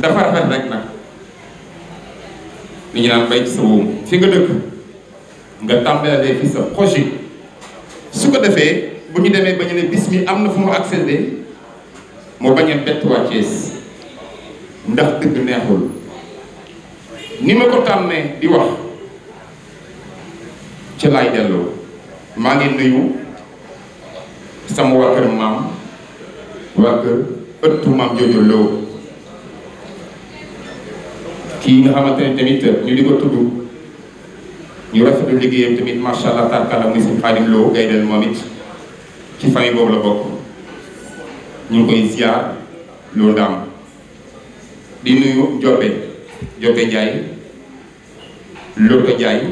dafa rafet rek nag li ñu naan bay sa wóom fi nga dëkk nga tàmbalee fi sa projet su ko defee bu ñu demee ba ñu ne bis mi am na fu mu accédé mu bañ a bett waa ndax dëgg neexul ni ma ko tàmmee di wax ci laay delloo maa ngi nuyu sama waa kër maam waa kër maam jooju loo kii nga xamante ne tamit ñu di ko ñu rafetlu liggéeyam tamit macha allah tarkala muy sëñ Xaadim Lo boobu la bokk ñu koy ziar Lo Ndaam di nuyu Jobe Jobe Ndiaye Loto Ndiaye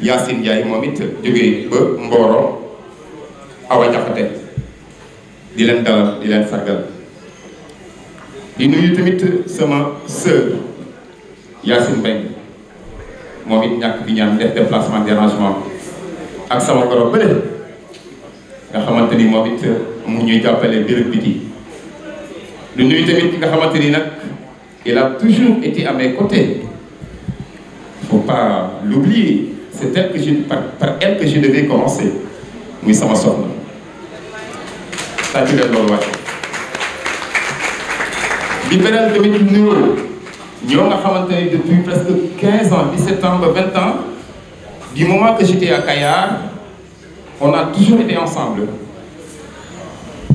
Yacine Ndiaye moom it jógee ba Mboro Awa Jaxate di leen dalal di leen sargal di nuyu tamit sama sœur. Yacine Mbengue moom it ñàkk di ñaan def déplacement dérangement ak sama borom bële nga xamante ni moom it mu ñuy jàppale biir biti lu ñuy tamit nga xamante ni nag il a toujours été à mes côtés faut pas l'oublier c'est elle que je par par elle que je devais commencer muy sama soxna tàccu leen loolu waaye. di beral tamit nuyoo. ñoo nga xamante ne depuis presque 15 ans 17 ans ba 20 ans du moment que j'étais à on a toujours été ensemble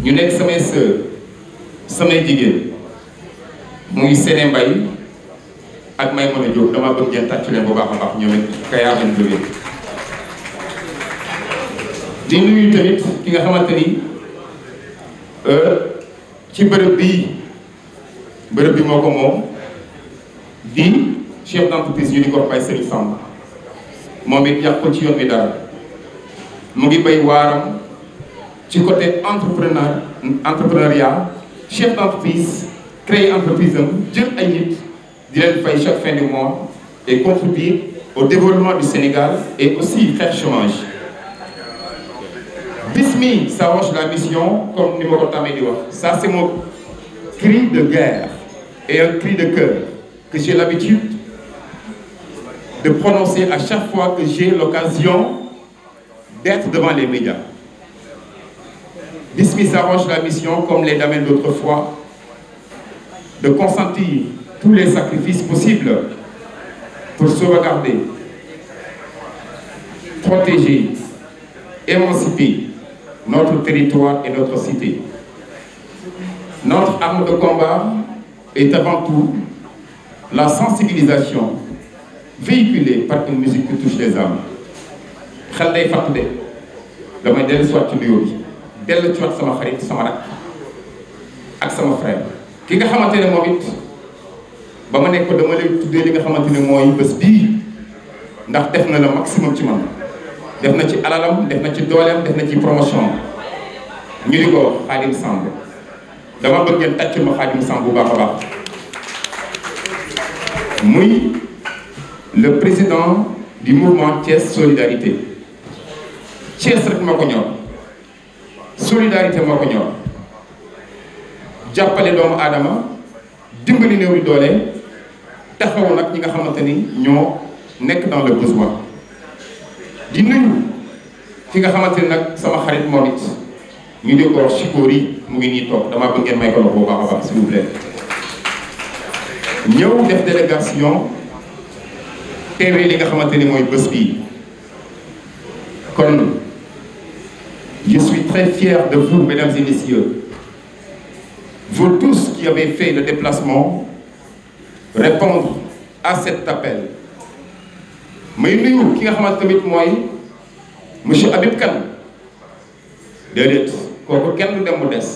ñu nekk samay sœurs samay jigéen muy Séné Mbaye ak may mën a jóg damaa bëgg ngeen tàcc leen bu baax a baax ñoom it Kayar lañ jógee di nuyu tamit ki nga xamante ni euh, ci bërëb bi bërëb bi moo ko moom di chef d'entreprise ñu di ko bay Serigne Samb moom it yàq ko ci yoon bi dara mu ngi bay waaram ci côté entrepreneur entrepreneuriat chef d'entreprise créer entreprise am jël ay nit di leen fay chaque fin du mois et contribuer au développement du Sénégal et aussi faire chômage Bismi s'arroge la mission comme ni ma ko tàmmee di wax cri de guerre et un cri de cœur que j'ai l'habitude de prononcer à chaque fois que j'ai l'occasion d'être devant les médias. Bismi s'arrange la mission, comme les damels d'autrefois, de consentir tous les sacrifices possibles pour sauvegarder, protéger, émanciper notre territoire et notre cité. Notre arme de combat est avant tout la sensibilisation véhiculée par une musique qui touche les âmes xel day fàtt de damay dellu soit ci nuyoo bi dellu ci wax sama xarit sama rak ak sama frère ki nga xamante ne moom it ba ma nekk dama lay tuddee li nga xamante ne mooy bés bii ndax def na la maximum ci man def na ci alalam def na ci dooleem def na ci promotion ñu di ko Xaadim Samb dama bëgg ngeen tàccul ma Xaadim Samb bu baax a baax muy le président di mouvement Thiès solidarité Thiès rek moo ko ñor solidarité moo ko ñor jàppale doomu aadama dimbali néew di doole taxaw nag ñi nga xamante ni ñoo nekk dans le besoin di nuyu ki nga xamante ni nag sama xarit moom it ñu di ko Chikori mu ngi nii toog damaa bëgg ngeen may ko loxo bu baax a baax s'il vous ñëw def délégation teewee li nga xamante ni mooy bés bii kon je suis très fier de vous mesdames et messieurs vous tous qui avez fait le déplacement répondre à cet appel may nuyu ki nga xamante tamit mooy monsieur Habib Kane déedéet kooku kenn du dem mu des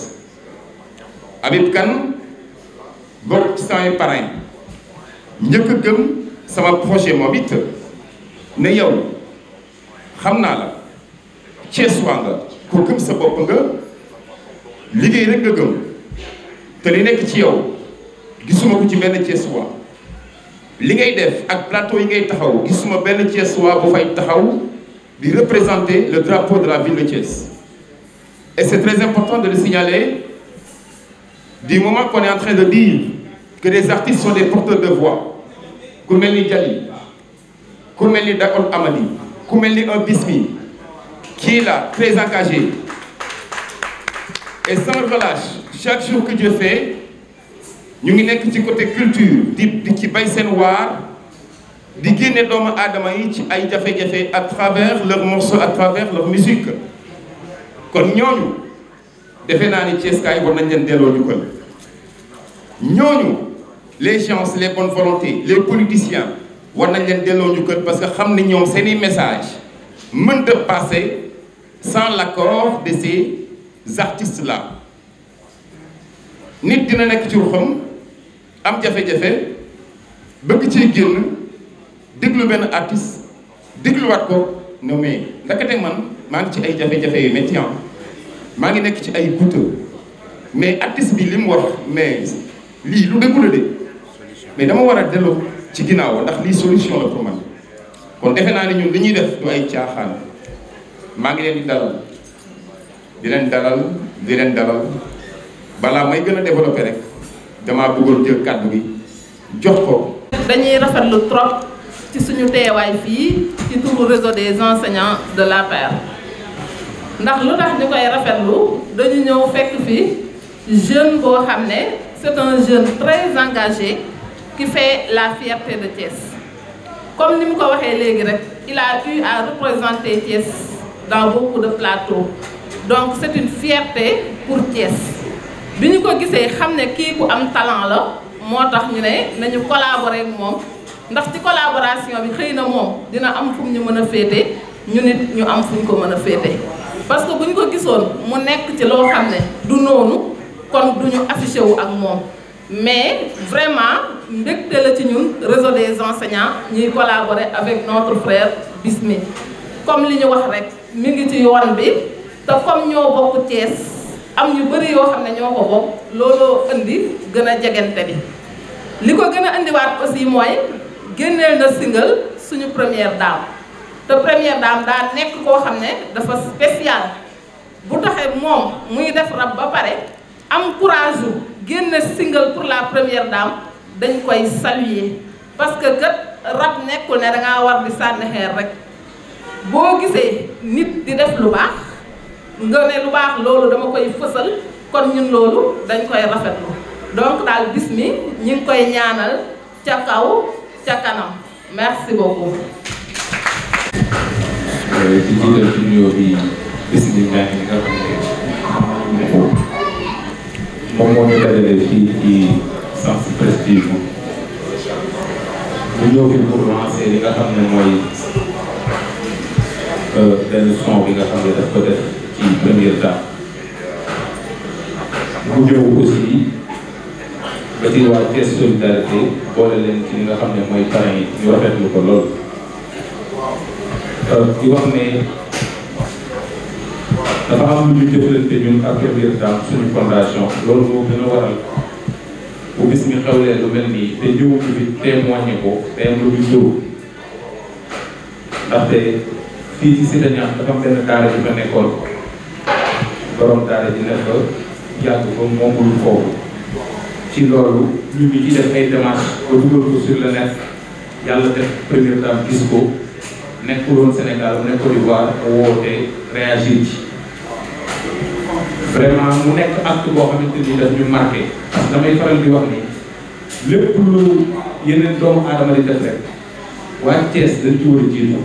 Habib Kane bokk samay parrain njëkk a gëm sama projet moom it ne yow xam naa la Cees waa nga ku gëm sa bopp nga liggéey rek nga gëm te li nekk ci yow gisuma ko ci benn Cees waa li ngay def ak plateau yi ngay taxaw gisuma benn Thiès waa bu fay taxaw di représenter le drapeau de la ville de Thiès et c'est très important de le signaler du moment qu'on est en de dire que des artistes sont des porteurs de voix ku mel ni Djali ku ni Dakon Amadi ku mel ni un Bismi qui est là très engagé et sans chaque jour que Dieu fait ñu ngi nekk ci côté culture di di ci bay seen waar di génne doomu aadama yi ci ay jafe-jafe à travers leur morceau à travers leur musique kon ñooñu defe naa ni Ceeskaay war nañ leen delloo jukkal ñooñu les gens les bonnes volontés les politiciens war nañ leen delloo ñu kër parce que xam ne ñoom seeni message mën de passer sans la l'accord de ces artistes la nit dina nekk ci ruxam am jafe-jafe bëgg ci génn déglu benn artiste dégluwaat ko ne mais ndakate man maa ngi ci ay jafe-jafe yu métti ah. maa ngi nekk ci ay goutte mais artiste bi li mu wax mais lii lu dëggu de mais dama war a delloo ci ginnaaw ndax lii solution la pour man kon defe naa ne ñun li ñuy def du ay caaxaan maa ngi leen di dalal di leen dalal di leen dalal balaa may gën a développé rek damaa bëggoon jël kàddu bi jox ko. dañuy rafetlu trop ci suñu teewaay fii ci turu réseau des enseignants de l'APR ndax lu tax ñu koy rafetlu dañu ñëw fekk fi jeune boo xam ne c'est un jeune très engagé. qui fait la fierté de Thiès. Comme ni mu ko waxee léegi dit, il a eu à représenter Thiès dans beaucoup de plateaux. Donc c'est une fierté pour Thiès. Quand nous avons vu qu'il y a un talent, nous avons collaboré avec moom ndax ci collaboration bi xëy na moom dina am fu ñu mën a féete ñu nit ñu am fu ñu ko mën a féete parce que bu ñu ko gisoon mu nekk ci loo xam ne du noonu kon du ñu wu ak moom mais vraiment mbégte la ci ñun réseau des enseignants ñuy collaborer avec notre frère Bismi comme li ñu wax rek mi ngi ci yoon bi te comme ñoo bokk Thiès am ñu bëri yoo xam ne ñoo ko bokk looloo indi gën a jegante bi li ko gën a indiwaat aussi mooy génneel na single suñu première dame te première dame daa nekk koo xam ne dafa spécial bu taxee moom muy def rab ba pare am courage génn génne pour la première dame dañ koy saluer parce que kat rab nekkul ne dangaa war di sànni rek boo gisee nit di def lu baax nga ne lu baax loolu dama koy fësal kon ñun loolu dañ koy rafetlu donc daal bis mi ñi ngi koy ñaanal ca kaw ca kanam merci beaucoup euh, moom moo ñu dajale fii ci centre Prestige bu ñëw fi pour lancer li nga xam ne mooy benn son bi nga xam ne daf ko def ci première temps bu ñëw aussi ba ci waa Thiès solidarité boole leen ci li nga xam ne mooy parrain yi ñu rafetlu ko lool di wax ne. dafa am lu ñu jëflante ñun ak Kébir Dame suñu fondation loolu moo gën a waral bu bis mi xewlee lu mel nii te jiwu bi témoigné ko te am ndaxte fii ci Cité Niass dafa am benn daara ji fa nekkoon borom daara ji nekk yàgg ba moomul foofu ci loolu ñu ngi ci def ay démarches ba dugal ko sur le net yàlla def Première Dame gis ko Sénégal nekkul Côte d'Ivoire woote réagir ci. vraiment mu nekk acte boo xamante ni daf ñu marqué parce que damay faral di wax ni lépp lu yeneen doomu aadama di def rek waa Thiès dañ ci war a jiitu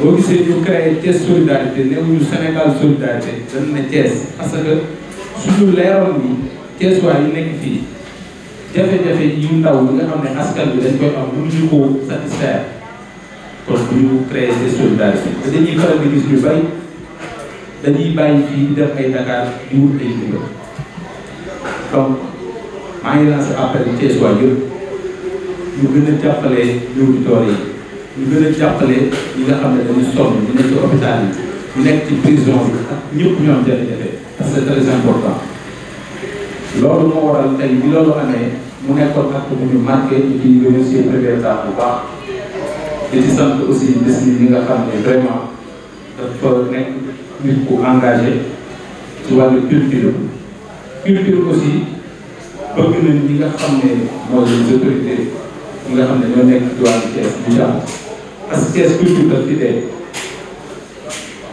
boo gisee ñu créé Thiès solidarité newuñu Sénégal solidarité dañ ne Thiès parce que suñu leeroon ni Thiès waa yi nekk fii jafe-jafe yu ndaw yi nga xam ne askan bi dañ koy am mënuñu ko satisfaire kon bu ñu créé Thiès solidarité te dañuy faral di gis ñu bay dañuy bàyyi fii di def ay Dakar di wut ay ndigal donc maa ngi lancé appel Thiès waa yëpp ñu gën a jàppale yi ñu gën a jàppale ñi nga xam ne dañu sonn ñu nekk ci hôpital yi ñu nekk ci prison bi ak ñëpp ñoo am jafe-jafe parce que c'est très important loolu moo waral tey bi loolu amee mu nekkoon acte bu ñu ci sant aussi bés mi ñi nga xam ne vraiment dafa nekk. nit ku engagé ci wàllu culture culture aussi bëgg nañ ñi nga xam ne mooy les autorités ñi nga xam ne ñoo nekk ci wàllu Thiès bu jàmm parce que Thiès culture daf ci dee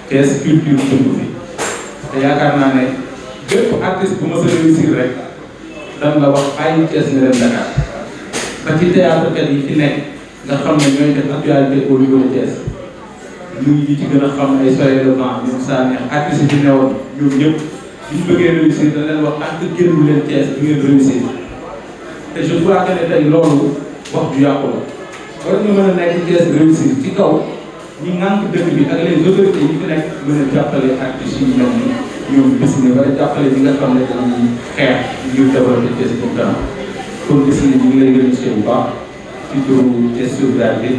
Thiès culture dund fi te yaakaar naa ne bépp artiste bu ma sa réussir rek dan la wax ay Thiès nga dem Dakar ba ci théâtre kat yi fi nekk nga xam ne ñooy def actualité au niveau de Thiès ñun ñi ci gën a xam ay soirée de vent ñoom saa neex artistes yi fi newoon ñoom ñëpp bu ñu bëggee réussir da leen wax ak génn leen Thiès bi ngeen réussir te je crois que ne tey loolu wax ju yàqu la war ñu mën a nekk Thiès réussir ci kaw ñi ŋànk dëkk bi ak les autorités yi fi nekk mën a jàppale artistes yi ñoom ñoom bis ni war a jàppale nga xam ne dañuy xeex ngir développé Thiès comme daan kon bis ni ñu ngi lay remercier bu baax ci turu Thiès Sauvegarde bi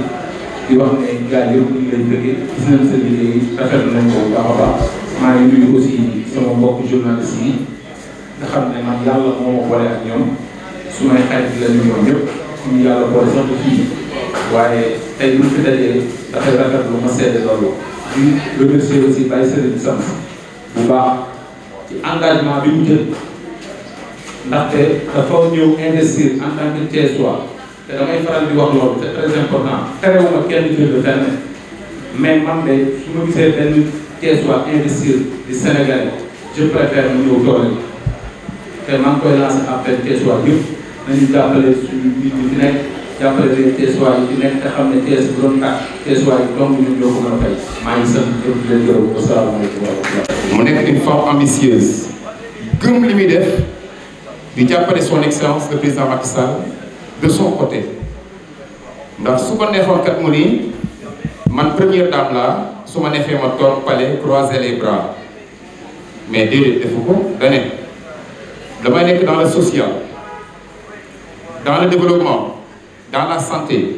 di wax ne gars yëpp ñu ngi lay jógee gis nañ sa liggéey rafetlu nañ ko bu baax a baax maa ngi nuyu aussi sama mbokk journaliste yi nga xam ne man yàlla moo ma boole ak ñoom su may xarit la ñu ñoom ñëpp ñu yàlla boole sax ba fii waaye tey bu fi dajee dafay rafetlu ma seede loolu di remercier aussi Baye Serigne Sam bu baax ci engagement bi mu jël ndaxte dafa ñëw investir en tant que Thiessois te damay faral di wax loolu c'est très important terewuma kenn jël de mais man de su ma gisee benn Thiessois investir di Sénégal je préfère mu ñëw doole te maa ngi koy lancer appel Thiessois yëpp nañu jàppale suñu nit yi fi nekk te xam ne Thiès bu doon tàkk Thiessois yi donc ñun ñoo ko mën a fay maa ngi sant ñëpp di leen gërëm asalaamaaleykum wa rahmatulah. mu nekk une femme ambitieuse gëm li muy di jàppale son excellence le président Macky de son côté ndax su ko neexoon kat mu ni man première dame laa su ma neexee ma toog palais croiser les bras mais déedéet defu ko dane damay nekk dans la social dans le développement dans la santé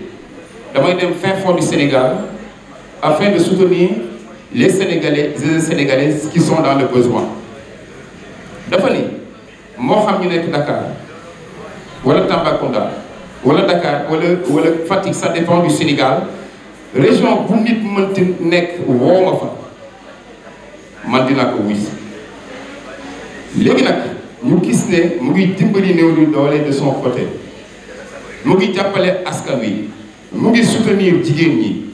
damay dem fin fond du Sénégal afin de soutenir les Sénégalais les Sénégalaises qui sont dans le besoin dafa ni moo xam ñu nekk Dakar wala Tambacounda wala Dakar wala wala Fatick ça dépend du Sénégal région bu nit mënti nekk woo ma fa man dinaa ko wuy léegi nag ñu gis ne mu ngi dimbali néew du doole de son côté mu ngi jàppale askan wi mu ngi soutenir jigéen ñi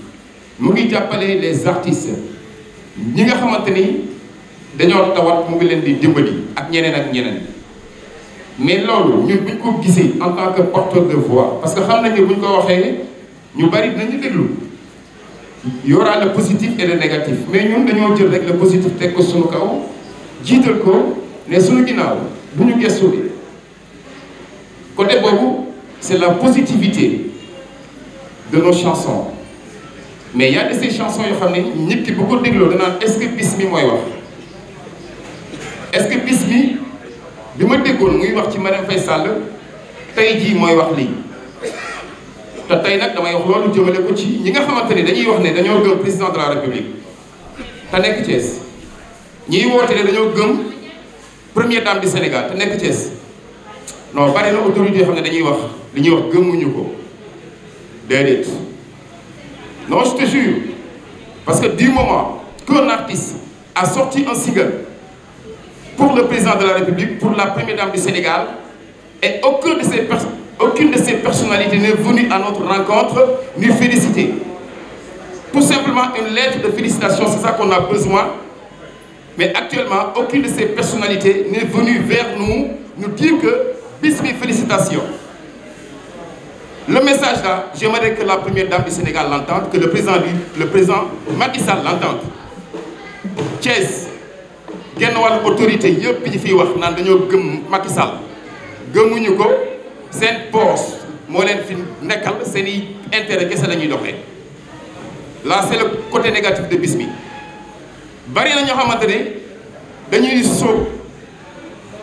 mu ngi jàppale les artistes ñi nga xamante ni dañoo tawat mu ngi leen di dimbali ak ñeneen ak ñeneen. mais loolu ñun bu ñu ko gisee en tant que porteur de voix parce que xam na ne bu ñu ko waxee ñu bari dinañu déglu y aura le positif et le négatif mais ñun dañoo jël rek le positif teg ko suñu kaw jiital ko ne suñu ginnaaw bu ñu gëstu bi côté boobu c'est la positivité de nos chanson mais y a de ces yoo xam ne nit ki bu ko dégloo danaan est-ce que bis mi mooy wax est-ce bi ma déggoon muy wax ci Marième Faye Sall tey jii mooy wax lii te tey nag damay wax loolu jëmale ko ci ñi nga xamante ni dañuy wax ne dañoo gëm président de la république te nekk Thiès ñiy woote ne dañoo gëm première dame du Sénégal te nekk Thiès non bari na autorité yoo xam ne dañuy wax li ñuy wax gëmuñu ko déedéet non je te jure parce que du moment qu'un artiste a sorti un single pour le président de la République, pour la première dame du Sénégal, et aucune de ces, pers aucune de ces personnalités n'est venue à notre rencontre nous féliciter. Tout simplement une lettre de félicitations, c'est ça qu'on a besoin. Mais actuellement, aucune de ces personnalités n'est venue vers nous nous dire que bismi félicitations. Le message là, j'aimerais que la première dame du Sénégal l'entende, que le président, le président Macky Sall l'entende. Thiès genn wàll autorité yëpp yi fiy wax naan dañoo gëm Macky Sall gëmuñu ko seen poos moo leen fi nekkal seen i intérêt kese la ñuy la là c'est le côté négatif de bis bi bari na ñoo xamante ne dañuy sóob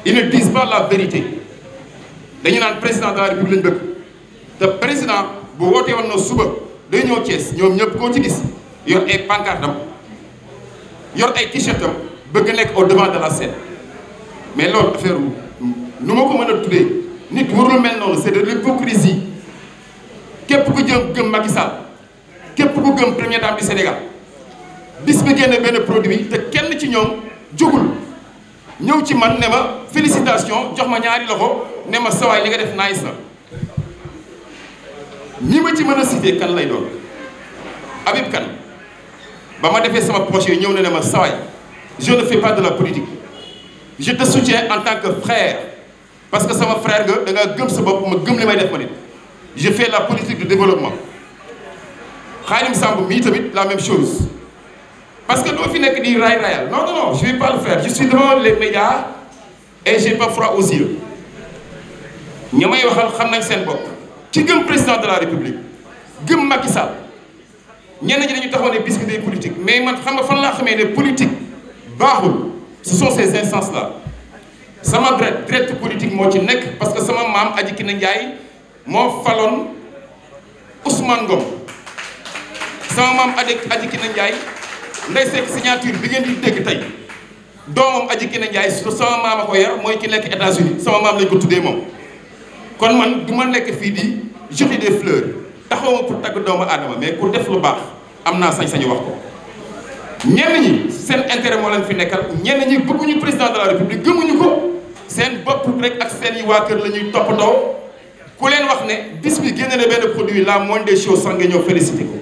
ils ne disent la vérité dañu naan président de la république lañ bëgg te président bu wootee woon na suba day ñëw Thiès ñoom ñëpp koo ci gis yor ay pancartam yor ay t-shirtam bëgg nekk au devant de la scène mais loolu affaire nu ma ko mën a tuddee nit warul mel noonu c'est de l'hypocrisie képp ku jëm gëm Macky Sall képp ku gëm première dame du Sénégal bis bi génne benn produit te kenn ci ñoom jugul ñëw ci man ne ma félicitation jox ma ñaari loxo ne ma sawaay li nga def nice na ñi ma ci mën a cité kan lay doon Habib Kane ba ma defee sama projet ñëw na ne ma sawaay je ne fais pas de la politique je te soutiens en tant que frère parce que sama frère nga da gëm sa bopp ma gëm li may def ma nit je fais la politique de développement Khadim Samb mii tamit la même chose parce que doo fi nekk di raay raayal non non non je vais pas le faire je suis devant les médias et j'ai pas froid aux yeux waxal xam nañ seen bopp ci gëm président de la république gëm Macky Sall ñenn ñi dañu taxaw ne bis bi day politique mais man ne politique. baaxul ce sont ces instances là sama traite politique moo ci nekk parce que sama maam Aji na njaay moo faloon Ousmane Ngom sama maam Ade Aji Kine Ndiaye nday sekk signature bi ngeen di dégg tey doomam Aji Kine Ndiaye sama maam a ko yar mooy ki nekk États-Unis sama maam lañ ko tuddee moom kon man du ma nekk fii di jeter de fleurs taxawma pour tagg doomu aadama mais pour def lu baax am naa sañ-sañu wax ko ñenn ñi seen intérêt moo lañu fi nekkal ñenn ñi bëgguñu président de la république gëmuñu ko seen bopp rek ak seen yi waa kër la ñuy toppandoo ku leen wax ne bis bi génne na benn produit la moindre des choses sax nga ñëw félicité ko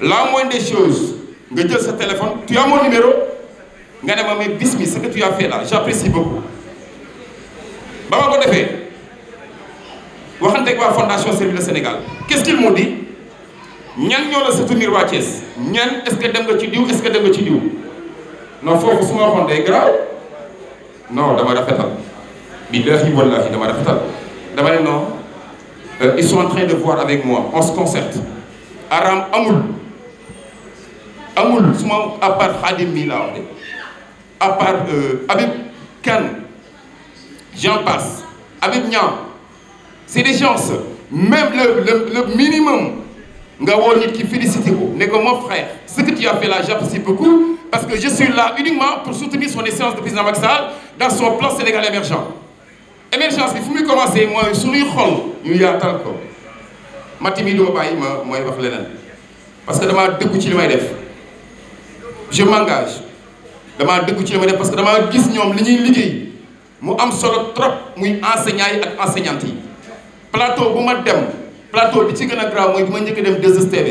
la moindre des choses nga jël sa téléphone tu as numéro nga ne ma mais bis bi ce que tu as fait là j'apprécie ba ma ko defee waxanteeg waa fondation Servir le Sénégal qu'est-ce qu'ils ñan ñoo la soutenir waa Thiès ñan est-ce que dem nga ci diw est que dem nga ci diw non foofu su ma waxoon day garaaw non dama rafetal billahi wallahi dama rafetal dama ne non euh, ils sont en train de voir avec moi on se concerte aram amul amul su ma à part Khadim mii laa wax à part euh, Habib Kane j'en passe Habib Niang c'est des gens même le le minimum nga woo nit ki félicité ko ne ko mon frère ce que tu as fait parce que je suis là uniquement pour soutenir son excellence de président Macky Sall dans son plan Sénégal émergent émergence bi fu muy commencé mooy suñuy xol ñu yaatal ko ma tamit duma bàyyi ma mooy wax leneen parce que damaa dëggu ci li may def je m'engage damaa dëggu ci li may def parce que damaa gis ñoom li ñuy liggéey mu am solo trop muy enseignants yi ak enseignantes yi plateau bu ma dem plateau bi ci gën a grave mooy bi ma njëkk dem 2STV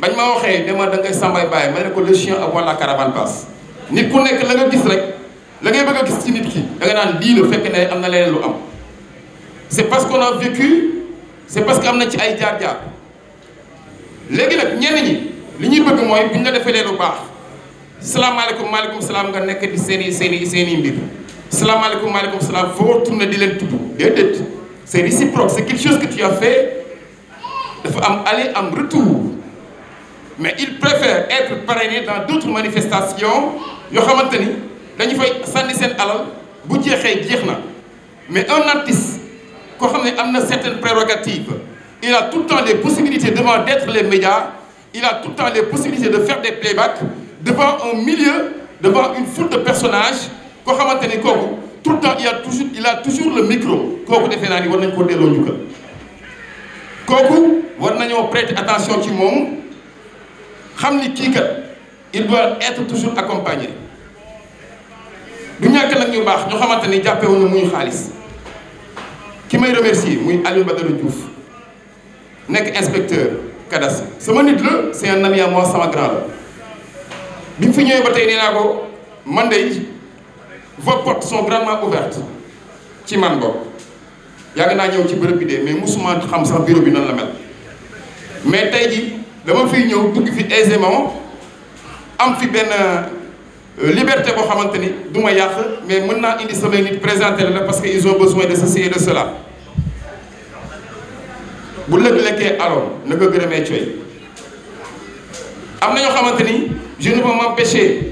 bañ ma waxee dama da ngay sambay bàyyi ma ne ko le ak wala caravane passe nit ku nekk la nga gis rek la ngay bëgg a gis ci nit ki da nga naan fekk ne am na leneen lu am c' est parce qu'on a vécu c' est parce que am na ci ay jaar-jaar léegi nag ñenn ñi li ñuy bëgg mooy bu ñu la defalee lu baax salaamaaleykum maaleykum salaam nga nekk di seen i seen i seen i mbir salaamaaleykum maaleykum salaam foo tourné di leen tudd déedéet. c'est réciproque c'est quelque chose que tu as fait dafa am aller am retour mais il préfère être parrainé dans d'autres manifestations yoo xamante ni dañu fay sànni seen alal bu jeexee jeex na mais un artiste koo xam ne am na certaines prérogatives il a tout le temps les possibilités devant d'être les médias il a tout le temps les possibilités de faire des playbacks devant un milieu devant une foule de personnage koo xamante ni kooku tout le temps il y a toujours il a toujours micro kooku defee naa ni war nañ koo delloo njukkal kooku war nañoo prêter attention ci moom xam ni kii kat il doit être toujours accompagné du ñàkk nag baax ñu xamante ni jàppewuñu muy xaalis ki may remercier muy Aliou Badara Diouf nekk inspecteur cadastre sama nit la c'est un ami sama grand la bi fi ñëwee ba tey nee naa ko man de vos portes sont grandement ouvertes ci man bopp yàgg naa ñëw ci bërëb bi dee mais musuma xam sax bureau bi nan la mel mais tey ji dama fiy ñëw dugg fi aisément am fi benn euh, liberté boo xamante ni du ma yàq mais mën naa indi samay nit présenté la parce que ils ont besoin de si et de cela bu lëg lekkee alors na ko gërëmee am na ñoo xamante ni je ne peux m'empêcher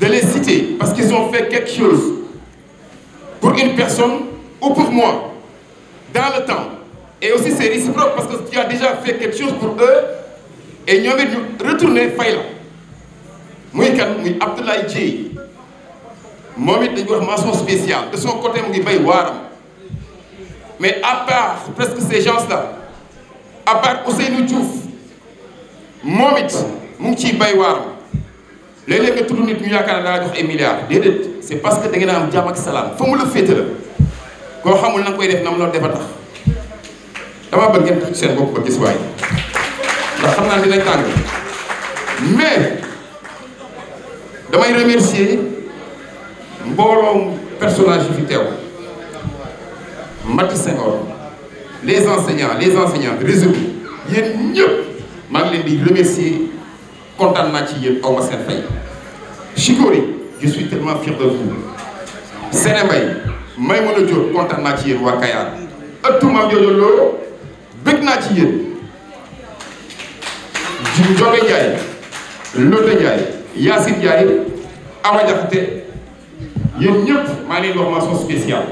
de les citer parce qu'ils ont fait quelque chose pour une personne ou pour moi dans le temps et aussi c'est réciproque parce que tu as déjà fait quelque chose pour eux et ñoom it ñu retourné fay la muy kan muy Abdoulaye Dieye moom it dañu wax mention spéciale de son côté mu ngi bay waaram mais à part presque ces gens là à part Ousseynou Diouf moom it mu ngi ciy bay waaram léeg-léeg nga tudd nit ñu yaakaar ne daa jox ay milliards déedéet c'est parce que da ngeen a am jàmm ak salaam fa mu la féete koo xamul na koy def nam la defa tax dama bëgg ngeen seen bopp ba gis waay ndax xam naa dina tàng mais damay remercier mbooloom personnage yi fi teew Maty Senghor les enseignants les enseignantes réseau bi yéen maa leen di remercier kontaan naa ci yéen aw ma seen fay. Chikori je suis tellement fier de vous Sene may mën a kontaan naa ci yéen waa Kayar ëttu maam jooju loolu bëgg naa ci yéen. Joge Ndiaye Lotte Ndiaye Yacine Ndiaye Awa Diakhaté yéen ñëpp maa ngi leen di wax mention spéciale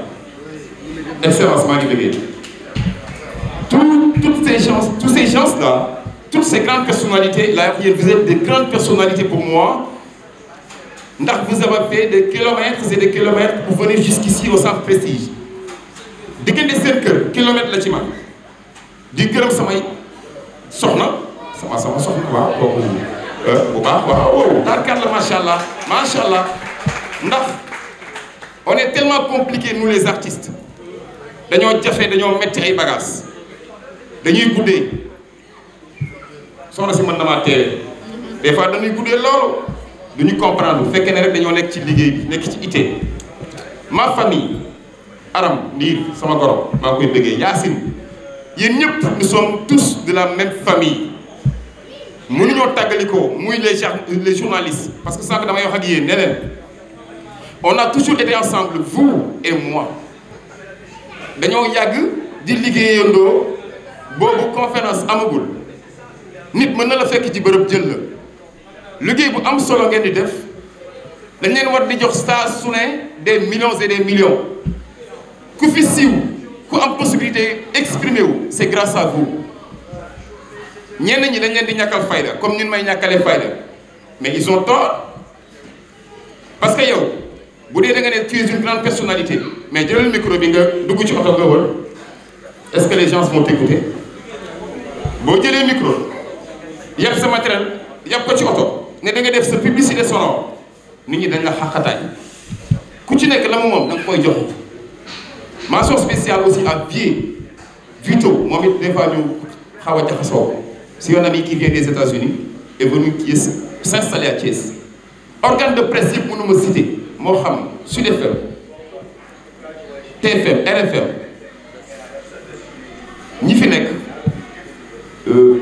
excellence maa ngi tout ces chances tous ces chances là. toutes ces grandes personnalités là vous êtes des grandes personnalités pour moi ndax vous avez fait des kilomètres et des kilomètres pour venir jusqu'ici au Prestige diggante seen kër kilomètre la ci man di gërëm samay soxna sama sama soxna waaw kooku euh, bu baax waaw tarkal la macha allah macha allah ndax on est tellement compliqué nous les artistes dañoo jafe dañoo metti ay bagages dañuy guddee soxna si mën na maa teewee des fois dañuy guddee loolu du ñu comprendre bu fekkee ne dañoo nekk ci liggéey bi nekk ci ittee ma famille aram ndiir sama goro maa koy bëggee yaasin yéen ñëpp nous sommes tous de la même famille mënuñoo tàggalikoo muy les les journalistes parce que sànq damay wax ak yéen ne leen on a toujours été ensemble vous et moi dañoo yàgg di liggéeyandoo boobu conférence amagul nit mën na la fekk ci bërëb jël la liggéey bu am solo ngeen di def dañ leen war di jox saa su ne de millions et des millions ku fi siiw ku am possibilité exprimer wu c'est grâce à vous ñenn ñi dañ leen di ñàkkal fayda comme ñun may ñàkkalee fayda mais ils ont tort parce que yow bu dee da nga ne tu es une grande personnalité mais jëlal micro bi nga dugg ci oto nga wër est-ce que les boo jëlee micro. yàpp sa matériel yàpp ko ci oto ne da def sa publicité sonore nit ñi dañ la xàqataay ku ci nekk la mu moom da nga koy jox mention spéciale aussi à Vieux Vito moom it des ñu xaw a jaxasoo c'est un ami qui vient des États-Unis est venu qui s'installer à Thiès organe de presse yëpp mënu ma moo xam Sud FM TFM RFM ñi fi nekk. Euh,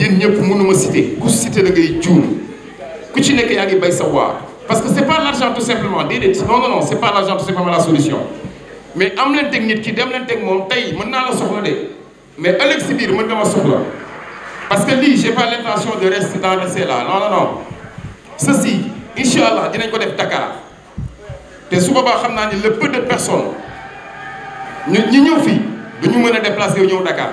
yéen ñëpp mënuma citer ku citer da ngay juum ku ci nekk yaa ngi bay sa waar parce que c'est pas l'argent tout simplement déedéet non non non c'est pas l'argent tout simplement la solution mais am leen teg nit ki dem la teg moom tey mën naa la soxla de mais ëllëg si biir mën na ma soxla parce que lii j'ai pas l'intention de rester dans le là non non non ceci incha allah dinañ ko def Dakar te su boobaa xam naa ni le peu de personnes ñu ñi ñëw fii du mën a déplacer ñëw Dakar.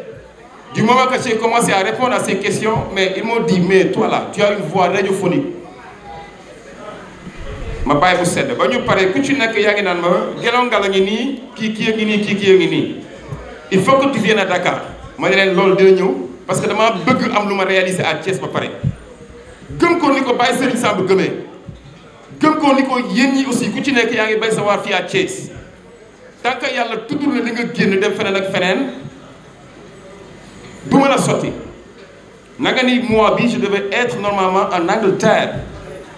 Du moment que j'ai commencé à répondre à ces mais ils m'ont di mais toi là, tu as une voix radiophonique. ma bàyyi bu sedd ba ñu pare ku ci nekk yaa ngi naan ma Guelone Ngalla ngi nii kii kii a ngi kii kii a ngi nii il faut que tu viennes à Dakar ma ne leen loolu dina ñëw parce que dama bëgg am lu ma réaliser à Thiès pare gëm ko ni ko bàyyi Serigne Samb gëmee gëm ko ni yéen ñi aussi ku ci nekk yaa ngi bay sa waar fii à Thiès tant que yàlla tuddul la li nga génn dem feneen ak feneen du mën a sotti na ni mois bi je devais être normalement en Angleterre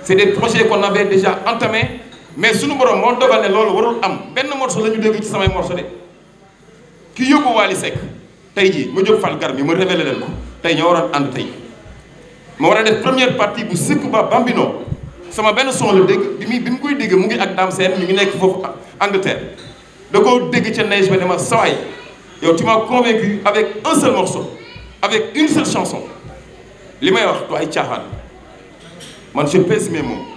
c'est des projets qu'on avait déjà entamés mais suñu borom moo dogal ne loolu warul am benn morceau la ñu dégg ci samay morceau de ki yóbbu Wally Seck tey jii ma jot fal gar mi ma révélé leen ko tey ñoo waroon ànd tey ma war a def première partie bu sëkk ba Bambino sama benn son la dégg bi muy bi mu koy dégg mu ngi ak Dame Sène ngi nekk foofu Angleterre da koo dégg ca neige ba ne ma sawaay yow tu m'as convaincu avec un seul morceau avec une seule chanson li may wax du ay caaxaan man je pèse mes mots